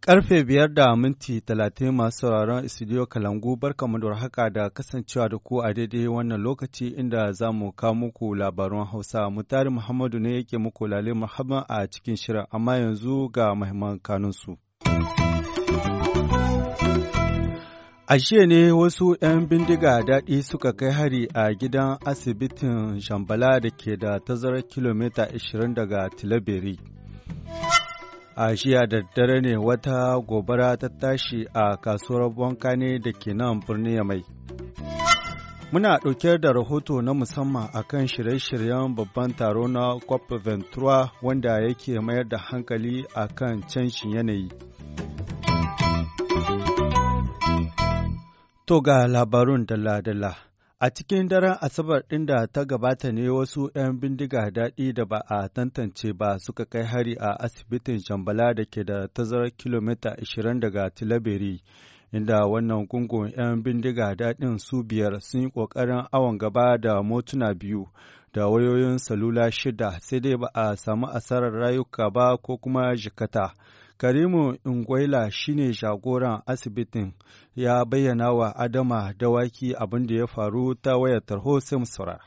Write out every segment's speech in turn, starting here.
Karfe biyar da minti talatin masu sauraron studio Kalangu barkamu da haka da kasancewa da ku a daidai wannan lokaci inda za mu kawo muku labarun Hausa. Mutari Muhammadu ne yake muku lale Muhammad a cikin shirin amma yanzu ga mahimman kanunsu. A ne wasu 'yan bindiga daɗi suka kai hari a gidan asibitin Shambala da ke da tazarar kilomita 20 daga Tilaberi. A shiya da dare ne wata gobara ta tashi a kasuwar Bonkane da ke nan birnin Yamai. Muna ɗauke da rahoto na musamman a kan shirye-shiryen babban taro na COP wanda yake mayar da hankali a kan canjin yanayi. To ga labarun dalla-dalla. A cikin daren Asabar ɗin da ta gabata ne wasu ‘yan bindiga daɗi da ba a tantance ba suka kai hari a asibitin Shambala da ke da tazarar kilomita 20 daga Tilaberi, inda wannan gungun ‘yan bindiga daɗin su biyar sun yi ƙoƙarin awon gaba da motuna biyu da wayoyin salula shida sai dai ba a samu asarar rayuka ba ko kuma jikata. Karimu Ingwaila shine jagoran asibitin ya bayyana wa Adama Dawaki abin da ya faru ta wayar tarho Samsura.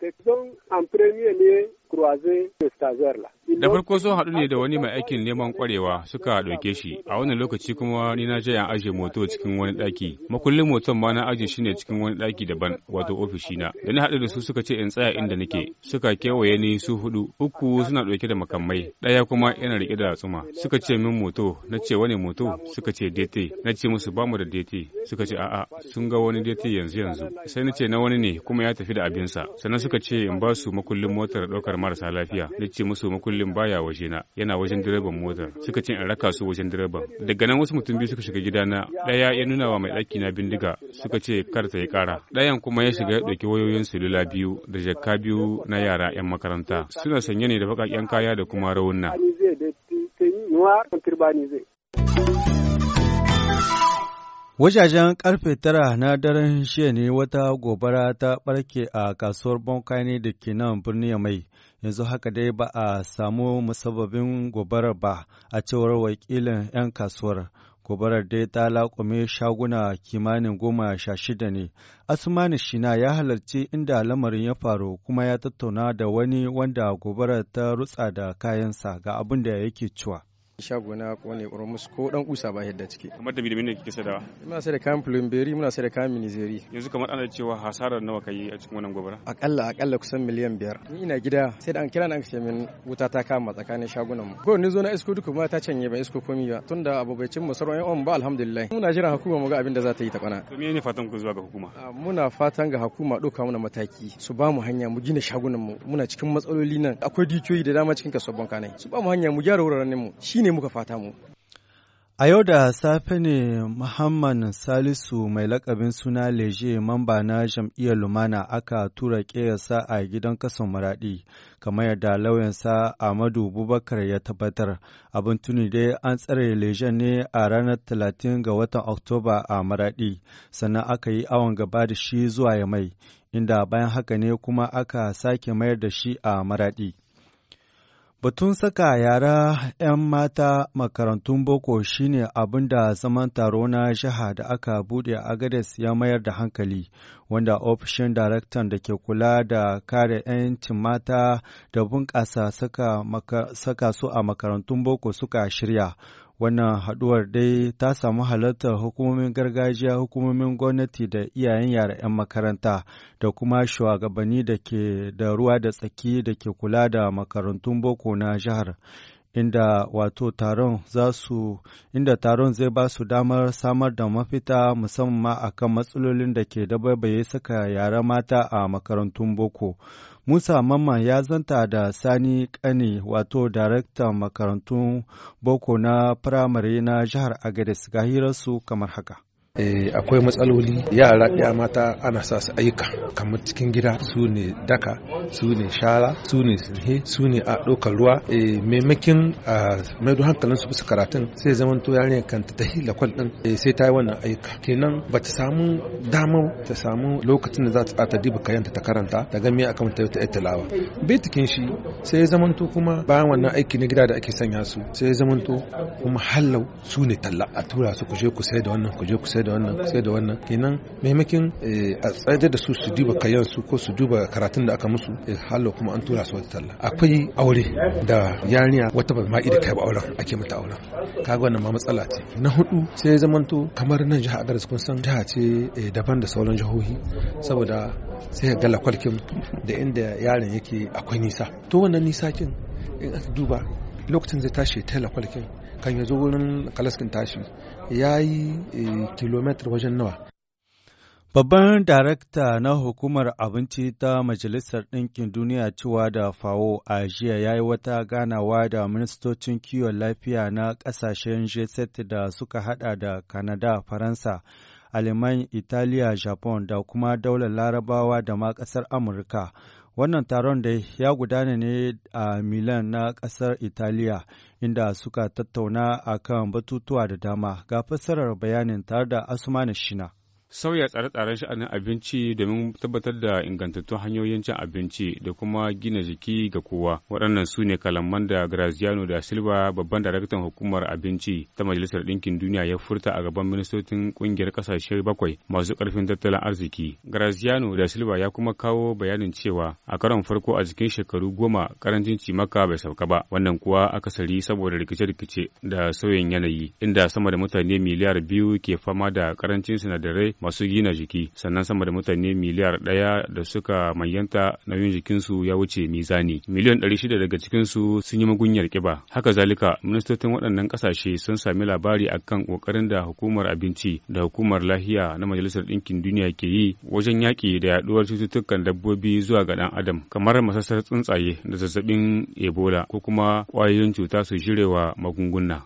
Tekzon an premier ne Croisé Stagiaire la. Da farko sun haɗu ne da wani mai aikin neman kwarewa suka ɗauke shi, a wani lokaci kuma ni na je an aje moto cikin wani ɗaki. Makullin moton ma na aje shi ne cikin wani ɗaki daban, wato ofishi na. Da na haɗu da su suka ce in tsaya inda nake, suka kewaye ni su hudu, uku suna ɗauke da makamai, ɗaya kuma yana rike da tsuma. Suka ce min moto, na ce wani moto, suka ce dete, na ce musu ba mu da dete, suka ce a'a, sun ga wani dete yanzu yanzu. Sai na ce na wani ne kuma ya tafi da abinsa. Sannan suka ce in ba su makullin motar ɗaukar marasa lafiya, na ce musu makullin kullum baya na yana wajen direban mota suka ce in raka su wajen direban daga nan wasu mutum biyu suka shiga gidana ɗaya ya nuna wa mai ɗaki na bindiga suka ce kar ta yi kara ɗayan kuma ya shiga ya ɗauki wayoyin silula biyu da jakka biyu na yara 'yan makaranta suna sanye ne da bakakken kaya da kuma rawunna. Wajajen karfe tara na daren shiya ne wata gobara ta barke a kasuwar bankani da ke nan birnin mai. yanzu haka dai ba a samu musababin gobarar ba a cewar wakilin 'yan kasuwar gobarar dai ta laƙume shaguna kimanin goma sha shida ne asmani shina ya halarci inda lamarin ya faru kuma ya tattauna da wani wanda gobarar ta rutsa da kayansa ga abin da yake cewa shago na kone musu ko dan kusa ba yadda ciki kamar da bidimi ne kike sadawa muna sai da kayan plumberi muna sai da kayan minizeri yanzu kamar ana cewa hasarar nawa kayi a cikin wannan gobara akalla akalla kusan miliyan biyar ni ina gida sai da an kira na an ce min wuta ta kama tsakanin shagunan mu ko ni zo na isko duka kuma ta canye ba isko komi ba tunda abu bai cin musarar yan ba alhamdulillah muna jiran hukuma mu ga abin da za ta yi ta kwana to me ne fatan ku zuwa ga hukuma ah, muna fatan ga hukuma doka mana mataki su ba mu hanya mu gina shagunan mu muna cikin matsaloli nan akwai dukiyoyi da dama cikin kasuwar bankanai su ba mu hanya mu gyara wuraren mu shine ne muka fata mu. A yau da safe ne Muhammad Salisu mai lakabin suna Leje mamba na jam'iyyar Lumana aka tura ƙeyarsa a gidan kasan maraɗi, kamar yadda lauyansa Ahmadu Bubakar ya tabbatar. Abin tuni dai an tsare Leje ne a ranar 30 ga watan Oktoba a maraɗi, sannan aka yi awon gaba da shi zuwa ya mai, inda bayan haka ne kuma aka sake mayar da shi a maraɗi. Batun saka yara 'yan mata makarantun boko shine abin da zaman taro na shaha da aka bude a ya mayar da hankali, wanda ofishin daraktan da ke kula da kare 'yancin mata da bunƙasa saka su a makarantun boko suka shirya. Wannan haɗuwar dai ta samu halartar hukumomin gargajiya, hukumomin gwamnati da iyayen yara 'yan makaranta da kuma shugabanni da ke da ruwa da tsaki da ke kula da makarantun boko na jihar. inda wato taron za su inda taron zai ba su damar samar da mafita musamman ma akan matsalolin da ke dabaibaye saka yara mata a makarantun boko. Musa Mamma ya zanta da Sani ƙani wato daraktan makarantun boko na firamare na jihar agadis ga hirarsu kamar haka. Eh, akwai matsaloli yara ya mata ana sa su ayyuka kamar cikin gida su ne daka su ne shara su ne sinhe su ne a ɗaukar ruwa eh, maimakin a maido hankalin su karatun sai zaman to yarinya kan ta hila lakwal din eh, sai ta yi wannan ayyuka kenan ba ta samu damar ta samu lokacin da za ta tsata diba kayanta ta karanta ta gami a akan ta ta bai bitikin shi sai zaman to kuma bayan wannan aiki na gida da ake sanya su sai zaman to kuma hallau su ne talla a tura su kuje da wannan kuje da wannan sai da wannan kenan maimakin eh, a tsaye da su su duba kayan su ko su duba karatun da aka musu eh, hallo kuma an tura su wata talla akwai aure da yarinya wata ba ma ida kai ba auren ake mata auren kaga wannan ma matsala ce na hudu sai ya zamanto kamar nan jiha agar kun san jiha ce eh, daban da sauran jihohi saboda sai ga lakwalkin da inda yaron yake akwai nisa to wannan nisa kin in aka duba lokacin zai tashi ta lakwalkin kan ya zo wurin kalaskin tashi ya yi eh, kilomitar wajen nawa Babban darakta na hukumar abinci ta Majalisar Ɗinkin Duniya cewa da fawo a jiya ya yi wata ganawa da ministocin kiwon lafiya na ƙasashen G7 da suka hada da Kanada, Faransa, aliman Italiya, Japan da kuma daular Larabawa da ma ƙasar Amurka. Wannan taron da ya gudana ne a Milan na ƙasar Italiya, inda suka tattauna akan batutuwa da dama ga fassarar bayanin tare da Asumani Shina. sauya tsare-tsaren sha'anin abinci domin tabbatar da ingantattun hanyoyin cin abinci da kuma gina jiki ga kowa waɗannan su ne kalaman da graziano da silva babban daraktan hukumar abinci ta majalisar ɗinkin duniya ya furta a gaban ministocin ƙungiyar ƙasashe bakwai masu ƙarfin tattalin arziki graziano da silva ya kuma kawo bayanin cewa a karon farko a cikin shekaru goma karancin cimaka bai sauka ba wannan kuwa akasari saboda rikice-rikice da sauyin yanayi inda sama da mutane miliyar biyu ke fama da karancin sinadarai masu gina jiki sannan sama da mutane miliyar ɗaya da suka mayanta nauyin jikinsu ya wuce mizani miliyan ɗari shida daga cikinsu sun yi magunyar ƙiba haka zalika ministocin waɗannan ƙasashe sun sami labari akan ƙoƙarin da hukumar abinci da hukumar lahiya na majalisar ɗinkin duniya ke yi wajen yaƙi da yaɗuwar cututtukan dabbobi zuwa ga ɗan adam kamar masasar tsuntsaye da zazzabin ebola ko kuma ƙwayoyin cuta su shirewa magunguna.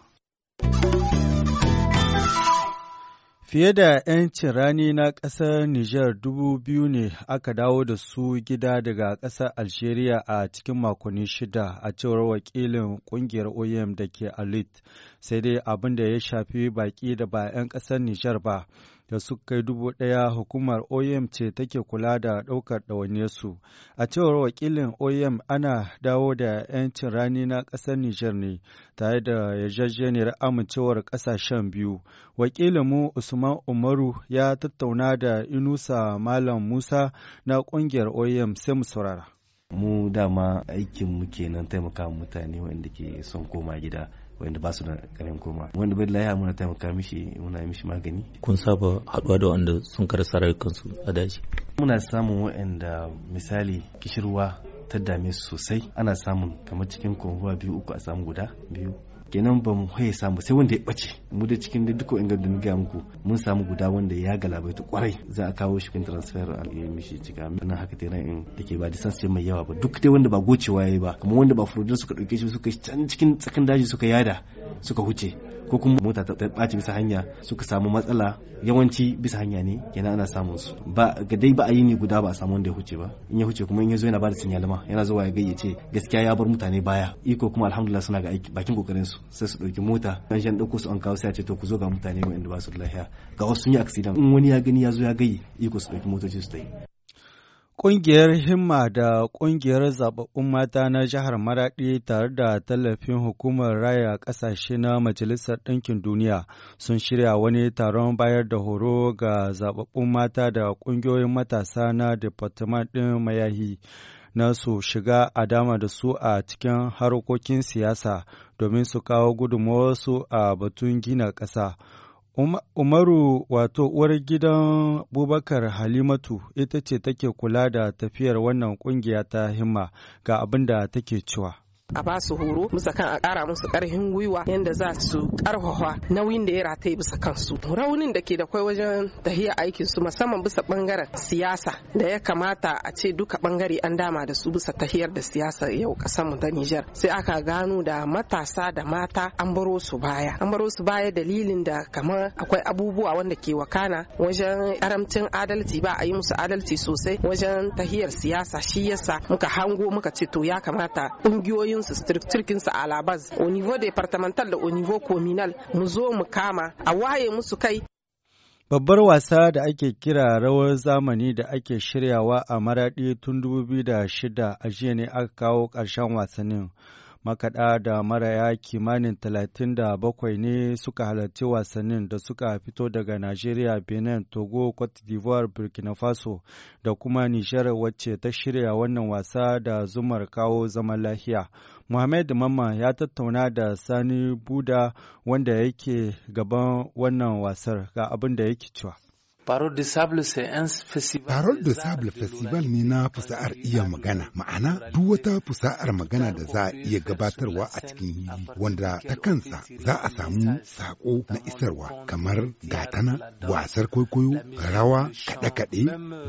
Fiye da 'yancin rani na ƙasar Nijar dubu biyu ne aka dawo da su gida daga ƙasar Algeria a cikin makonni shida a cewar wakilin ƙungiyar OEM da ke Alit. sai dai abin da ya shafi baƙi da ba 'yan ƙasar Nijar ba. da suka kai dubu ɗaya hukumar OEM ce take kula da ɗaukar su. A cewar wakilin OEM ana dawo da 'yancin rani na ƙasar Nijar ne tare da yarjejeniyar amincewar ƙasashen biyu. Wakilin mu Usman Umaru ya tattauna da Inusa Malam Musa na ƙungiyar OEM sai mu saurara. Mu dama aikin mu kenan taimaka mutane wanda ke son koma gida wanda ba su da karin koma wanda bai laiha muna taimaka mishi muna mishi magani kun saba haduwa da wanda sun karasa rayukansu a daji muna samun waɗanda misali kishirwa ta dame sosai ana samun kamar cikin kwanwa biyu uku a samu guda biyu kenan ba mu haye samu sai wanda ya bace mu da cikin da duka inda na gaya muku mun samu guda wanda ya ta kwarai za a kawo shi kan transfer a yi mishi cika na haka tana in take ke ba distance mai yawa ba duk dai wanda ba gocewa yayi ba kuma wanda ba furudin suka dauke shi suka can cikin tsakan daji suka yada suka huce ko kuma mota ta ɓaci bisa hanya suka samu matsala yawanci bisa hanya ne kenan ana samun su ba ga dai ba a yi ni guda ba a samu wanda ya huce ba in ya huce kuma in ya zo yana bada sinyalma yana zuwa ya gayyace gaskiya ya bar mutane baya iko kuma alhamdulillah suna ga aiki bakin kokarin su sai su dauki mota dan shan dauko su an kawo sai a ce to ku zo ga mutane wa'anda ba su lafiya ga wasu sun yi accident in wani ya gani ya zo ya gayi iko su dauki motoci su tafi Ƙungiyar Himma da ƙungiyar zaɓaɓɓun mata na jihar Maraɗi tare da tallafin hukumar raya ƙasashe na Majalisar Ɗinkin Duniya sun shirya wani taron bayar da horo ga zaɓaɓɓun mata da ƙungiyoyin matasa na Departement ɗin Mayahi na su shiga a dama da su a cikin harkokin siyasa domin su kawo gudunmawarsu a batun gina ƙasa. Umaru wato uwar gidan Bubakar Halimatu ita ce take kula da tafiyar wannan kungiya ta himma ga abin da take cewa. a ba su horo bisa kan a kara musu karfin gwiwa yadda za su karfafa nauyin da ya rataye bisa kansu raunin da ke da kwai wajen tahiyar aikin su musamman bisa bangaren siyasa da ya kamata a ce duka bangare an dama da su bisa tahiyar da siyasa yau kasan mu ta Nijar sai aka gano da matasa da mata an baro su baya an baro su baya dalilin da kamar akwai abubuwa wanda ke wakana wajen karamcin adalci ba a yi musu adalci sosai wajen tahiyar siyasa shi yasa muka hango muka ce to ya kamata ƙungiyoyin cikin su kin su alabaz au niveau departamental da au niveau communal mu zo mu kama a waye musu kai Babbar wasa da ake kira rawar zamani da ake shiryawa a maraɗi tun 2006 a jiya ne aka kawo ƙarshen wasannin. makaɗa da maraya kimanin talatin da bakwai ne suka halarci wasannin da suka fito daga Najeriya, Benin, Togo, Cote d'Ivoire, Burkina Faso da kuma Nijar wacce ta shirya wannan wasa da zumar kawo zaman lahiya? Muhammad Mamma ya tattauna da Sani Buda wanda yake gaban wannan wasar ga abin da yake cewa. Parole de Sable Festival ne na fusa'ar iya magana, ma'ana duk wata fusa'ar magana da za a iya gabatarwa a cikin hili wanda ta kansa za a samu sako na isarwa kamar gatana, wasar kwaikwayo, rawa, kaɗe-kaɗe,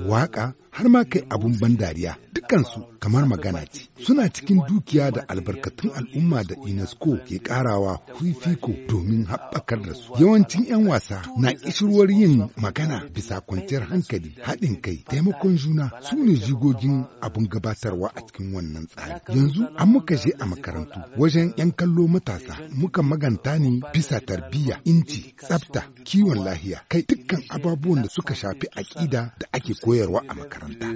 waƙa, har ma kai abun ban dariya dukansu kamar magana ce suna cikin dukiya da albarkatun al'umma da UNESCO ke karawa fifiko domin haɓakar da su yawancin 'yan wasa na kishirwar yin magana bisa kwanciyar hankali haɗin kai taimakon juna su ne jigogin abin gabatarwa a cikin wannan tsari yanzu an muka je a makarantu wajen 'yan kallo matasa muka maganta ne bisa tarbiyya inci tsafta kiwon lahiya kai dukkan ababuwan da suka shafi aƙida da ake koyarwa a makaranta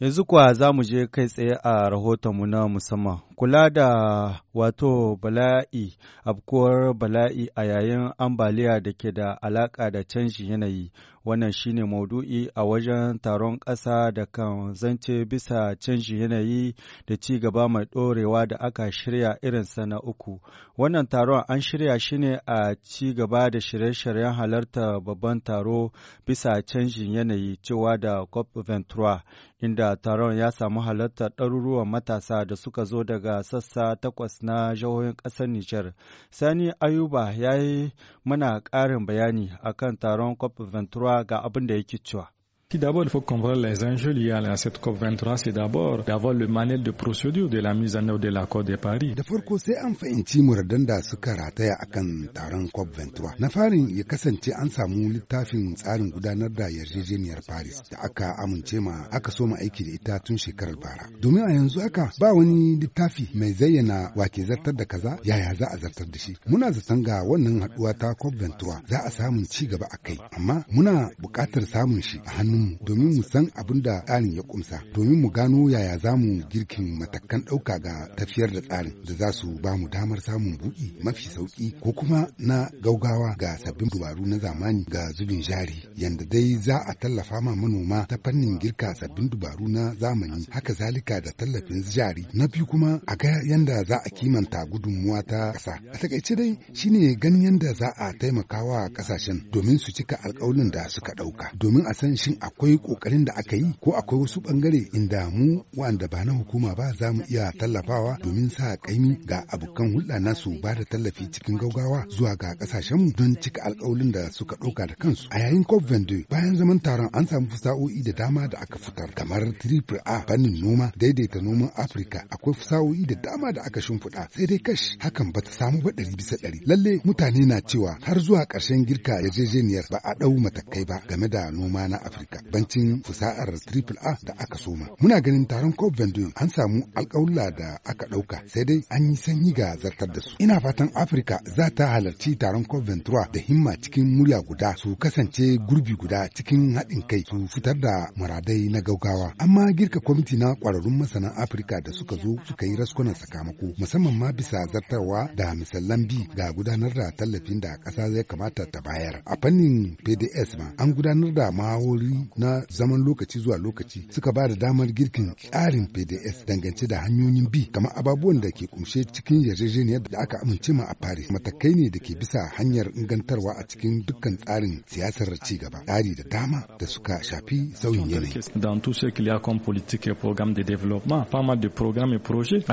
Yanzu kuwa za mu je kai tsaye a rahotonmu na musamman. Kula da wato bala'i, abkuwar bala'i a yayin ambaliya da ke da alaƙa da canjin yanayi. Wannan shine maudu'i a wajen taron ƙasa da kan zance bisa canji yanayi da ci gaba mai ɗorewa da aka shirya irinsa na uku. Wannan taron an shirya shi ne a ci gaba da shirye-shiryen halarta babban taro bisa canjin yanayi cewa da cop Ventura" inda taron ya samu halartar ɗaruruwan matasa da suka zo daga sassa takwas na jihohin ƙasar Nijar. Sani Ayuba ya yi mana ƙarin bayani akan taron cop Ventura. ga abin da yake cewa. D'abord, il faut comprendre les enjeux liés à cette COP23. C'est d'abord d'avoir le manuel de procédure de la mise en œuvre de l'accord de Paris. Da farko sai an fahimci muradanda da suka rataya akan taron COP23. Na farin ya kasance an samu littafin tsarin gudanar da yarjejeniyar Paris da aka amince ma aka so aiki da ita tun shekarar bara. Domin a yanzu haka ba wani littafi mai zayyana wake zartar da kaza yaya za a zartar da shi. Muna zaton ga wannan haduwa ta COP23 za a samu ci gaba a kai amma muna buƙatar samun shi a hannun mu domin mu san abin da tsarin ya kumsa domin mu gano yaya za mu girkin matakan ɗauka ga tafiyar da tsarin da za su ba mu damar samun buɗi mafi sauƙi ko kuma na gaugawa ga sabbin dubaru na zamani ga zubin jari yadda dai za a tallafa ma manoma ta fannin girka sabbin dubaru na zamani haka zalika da tallafin jari na biyu kuma a ga yanda za a kimanta gudunmuwa ta ƙasa a takaice dai shine ganin yadda za a taimakawa ƙasashen domin su cika alƙawarin da suka ɗauka domin a san shin akwai ƙoƙarin da aka yi ko akwai wasu ɓangare inda mu wanda ba na hukuma ba za mu iya tallafawa domin sa ƙaimi ga abokan hulɗa nasu ba da tallafi cikin gaugawa zuwa ga mu don cika alƙawalin da suka ɗauka da kansu. A yayin COP22 bayan zaman taron an samu fusa'o'i da dama da aka fitar kamar triple A fannin noma daidaita noman Afirka akwai fusa'o'i da dama da aka shimfiɗa sai dai kash hakan ta samu ba ɗari bisa ɗari. Lalle mutane na cewa har zuwa ƙarshen girka yarjejeniyar ba a ɗau matakai ba game da noma na Afirka. bancin fusa'ar a da aka soma. Muna ganin taron COP21 an samu alƙawla da aka ɗauka sai dai an yi sanyi ga zartar da su. Ina fatan Afirka za ta halarci taron COP23 da himma cikin murya guda su kasance gurbi guda cikin haɗin kai su fitar da muradai na gaugawa. Amma girka kwamiti na ƙwararrun masana Afirka da suka zo suka yi raskunan sakamako musamman ma bisa zartarwa da misalan bi ga gudanar da tallafin da ƙasa zai kamata ta bayar. A fannin PDS ma an gudanar da mahawori na zaman lokaci zuwa lokaci suka ba da damar girkin tsarin pdf dangance da hanyoyin bi kamar ababuwan da ke kumshe cikin yarjejeniyar da aka amince ma a paris matakai ne da ke bisa hanyar ingantarwa a cikin dukkan tsarin siyasar ci gaba tsari da dama da suka shafi sauyin yanayi dans de développement de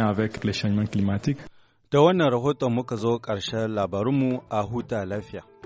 avec da wannan rahoton muka zo ƙarshen labarunmu a huta lafiya